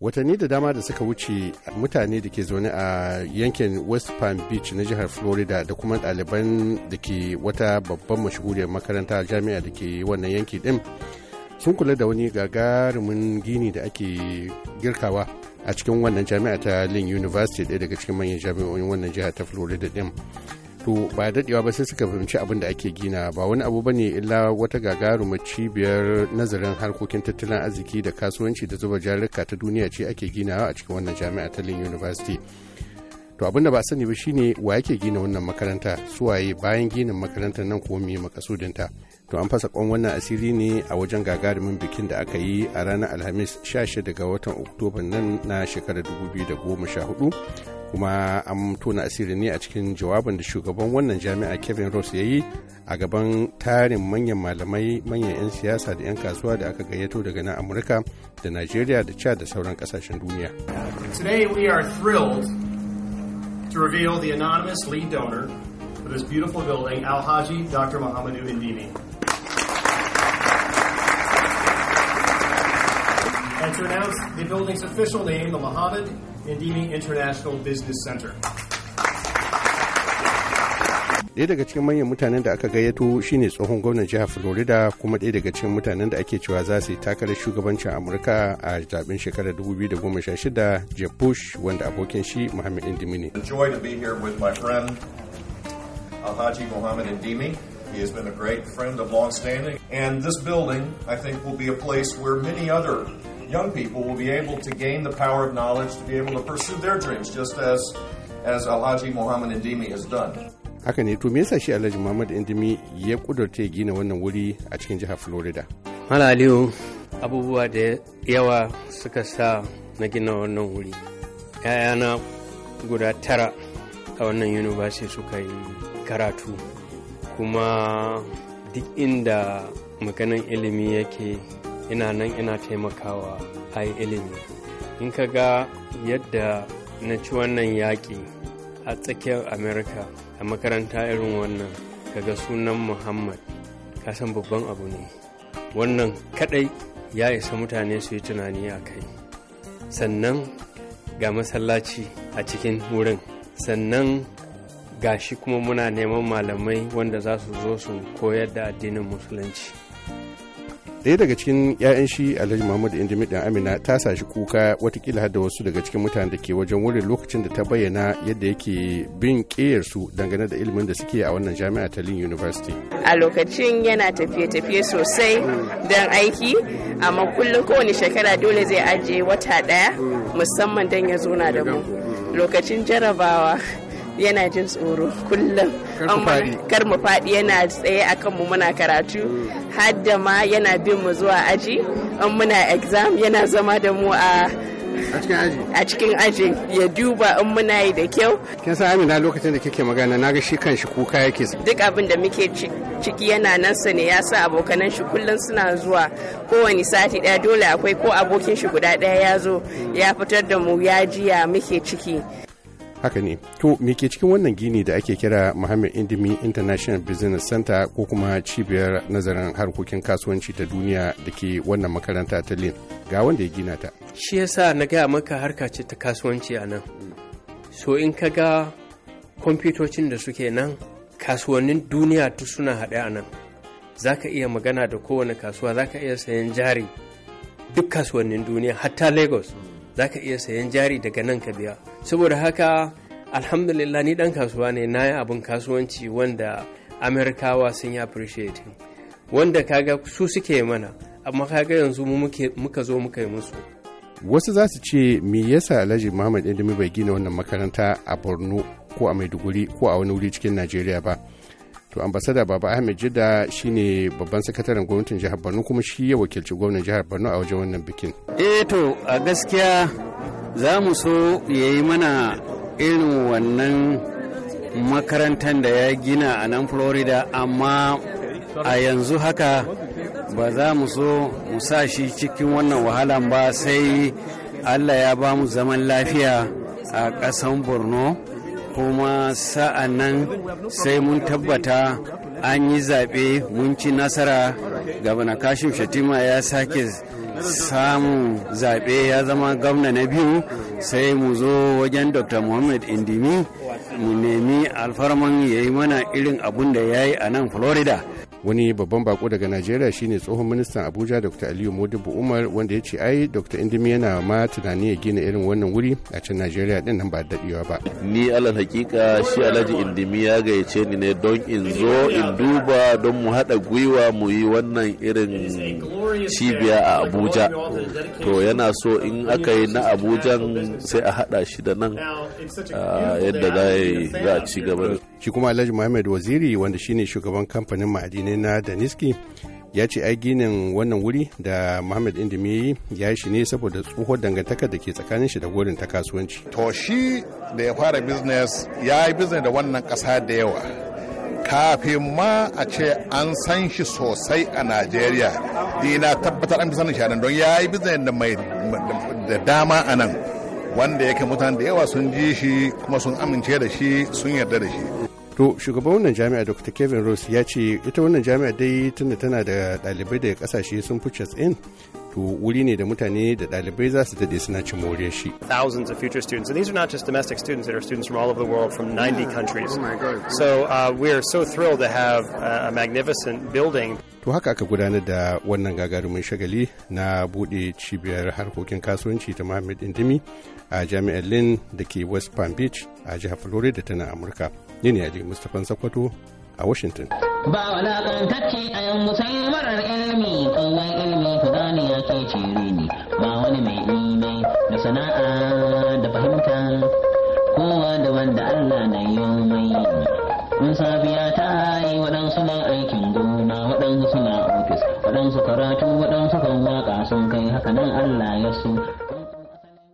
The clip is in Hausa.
watanni da dama da suka wuce mutane da ke zaune a yankin west palm beach na jihar florida da kuma ɗaliban da ke wata babban mashahuriyar makaranta jami'a da ke wannan yanki ɗin sun kula da wani gagarumin gini da ake girkawa a cikin wannan jami'a ta lin university ɗaya daga cikin manyan jami'o'in wannan jihar ta florida ɗin to ba dadewa ba sai suka fahimci abin da ake gina ba wani abu ba ne illa wata gagarumar cibiyar nazarin harkokin tattalin arziki da kasuwanci da zuba jarirka ta duniya ce ake ginawa a cikin wannan jami'a ta Lin University to abin da ba sani ba shine wa yake gina wannan makaranta su waye bayan gina makarantar nan ko me makasudinta to an fasa kwan wannan asiri ne a wajen gagarumin bikin da aka yi a ranar alhamis 16 ga watan oktoba nan na shekarar 2014 kuma an asiri ne a cikin jawabin da shugaban wannan jami'a kevin ya yi a gaban tarin manyan malamai manyan 'yan siyasa da 'yan kasuwa da aka gayyato daga na amurka da nigeria da chad da sauran kasashen duniya today we are thrilled to reveal the anonymous lead donor for this beautiful building alhaji dr muhammadu indimi and to announce the building's official name the muhammad Indimi International Business Center. ɗaya daga cikin manyan mutanen da aka gayyato shine tsohon gwamnan jihar florida kuma ɗaya daga cikin mutanen da ake cewa za su yi takarar shugabancin amurka a zaben shekarar 2016 jeb bush wanda abokin shi muhammad indimi ne alhaji muhammad indimi He has been a great friend of long standing, and this building, I think, will be a place where many other young people will be able to gain the power of knowledge to be able to pursue their dreams, just as as Alhaji Muhammad Indimi has done. Haka ne, to me yasa shi Alhaji Muhammad Indimi ya ya gina wannan wuri a cikin jihar Florida? Mala abubuwa da yawa suka sa na gina wannan wuri. ‘Ya'yana guda tara a wannan university suka yi karatu, kuma duk inda maganan ilimi yake ina nan ina taimakawa a yi ilimi in ka ga yadda na ci wannan yaƙi a tsakiyar amerika a makaranta irin wannan kaga sunan muhammad kasan babban abu ne wannan kadai ya isa mutane su yi tunani a kai sannan ga masallaci a cikin wurin sannan gashi kuma muna neman malamai wanda za su zo su koyar da addinin musulunci ɗaya daga cikin 'ya'yan shi alhaji muhammad indimi ɗan amina ta sashi kuka watakila har da wasu daga cikin mutanen da ke wajen wurin lokacin da ta bayyana yadda yake bin ƙeyarsu dangane da ilimin da suke a wannan jami'a ta lin university a lokacin yana tafiye-tafiye sosai don aiki amma kullum kowane shekara dole zai ajiye wata ɗaya musamman don ya zo na da mu lokacin jarabawa yana jin tsoro kullum kar mu faɗi yana tsaye a kanmu muna karatu hadda ma yana bin mu zuwa aji an muna exam yana zama da mu a a cikin aji ya duba in muna yi da kyau kin san amina lokacin da kike magana na ga shi shi kuka yake duk abin da muke ciki yana nan sa ne ya sa abokanan shi kullum suna zuwa kowane sati daya dole akwai ko abokin shi guda daya ya zo ya fitar da mu ya jiya muke ciki haka ne to me ke cikin wannan gini da ake kira muhammad indimi international business center ko kuma cibiyar nazarin harkokin kasuwanci ta duniya da ke wannan makaranta ta lin ga wanda ya gina ta shi yasa na gaya maka harka ce ta kasuwanci a nan so in ka ga kwamfutocin da suke nan kasuwannin duniya ta suna haɗe a nan za ka iya magana da kowane kasuwa za ka iya sayan jari duk kasuwannin duniya hatta lagos za ka iya sayan jari daga nan ka biya saboda haka alhamdulillah ni dan kasuwa ne na yi abin kasuwanci wanda amerikawa sun yi appreciating wanda kaga su suke mana amma kaga yanzu muka zo muka yi musu wasu za su ce me yasa alhaji muhammad indimi bai gina wannan makaranta a borno ko a maiduguri ko a wani wuri cikin najeriya ba to ambasada baba ahmed jidda shine babban sakataren gwamnatin jihar borno kuma shi ya wakilci gwamnan jihar borno a wajen wannan bikin eh to a gaskiya za mu so ya yi mana irin wannan makarantar da ya gina a nan florida amma a yanzu haka ba za mu so mu sa shi cikin wannan wahalan ba sai allah ya ba mu zaman lafiya a ƙasan borno kuma sa'an nan sai mun tabbata an yi zaɓe mun ci nasara gabana kashim shatima ya sake samun zaɓe ya zama gwamna na biyu sai mu zo wajen dr muhammad indimi mu nemi alfarman ya yi mana irin abun da ya yi a nan florida wani babban bako daga najeriya shine tsohon ministan abuja dr aliyu Modibu umar wanda ya ce ai dr indimi yana ma tunani ya gina irin wannan wuri a can najeriya din nan ba daɗewa ba ni alal hakika shi alhaji indimi ya gayyace ni ne don in zo in duba don mu haɗa gwiwa mu yi wannan irin cibiya a abuja to yana so in aka yi na Abuja sai a hada shi da nan yadda za a ci gaba shi kuma alhaji muhammad waziri wanda shine shugaban kamfanin ma'adinai na daniski ya ce ai ginin wannan wuri da muhammad indimi ya yi shi ne saboda tsohon dangantakar da ke tsakanin shi da gurin ta kasuwanci to shi da ya fara business ya yi business da wannan kasa da yawa kafin ma a ce an san shi sosai a najeriya ni na tabbatar an fi sanin shaɗan don ya yi bizan da mai da dama a nan wanda yake mutane da yawa sun ji shi kuma sun amince da shi sun yarda da shi to shugaban wannan jami'a dr kevin rose ya ce ita wannan jami'a dai tunda tana da ɗalibai daga kasashe sun fi in to wuri ne da mutane da ɗalibai za su daɗe suna cin more shi. Thousands of future students, and these are not just domestic students, they are students from all over the world, from 90 countries. Oh so uh, we are so thrilled to have uh, a magnificent building. To haka aka gudanar da wannan gagarumin shagali na buɗe cibiyar harkokin kasuwanci ta Mohammed Indimi a jami'ar Lynn da ke West Palm Beach a jihar Florida ta nan Amurka. Ni ne Ali Mustapha Sakwato a Washington. ba walakantacce a yan sai marar ilmi kawai ilmi ku gane ya ke cire ni ba wani mai ilmi da sana'a da fahimta kowa da wanda Allah na yi mai in safiya ta yi waɗansu na aikin gona waɗansu suna ofis waɗansu karatu waɗansu kan waƙa sun kai haka nan Allah ya so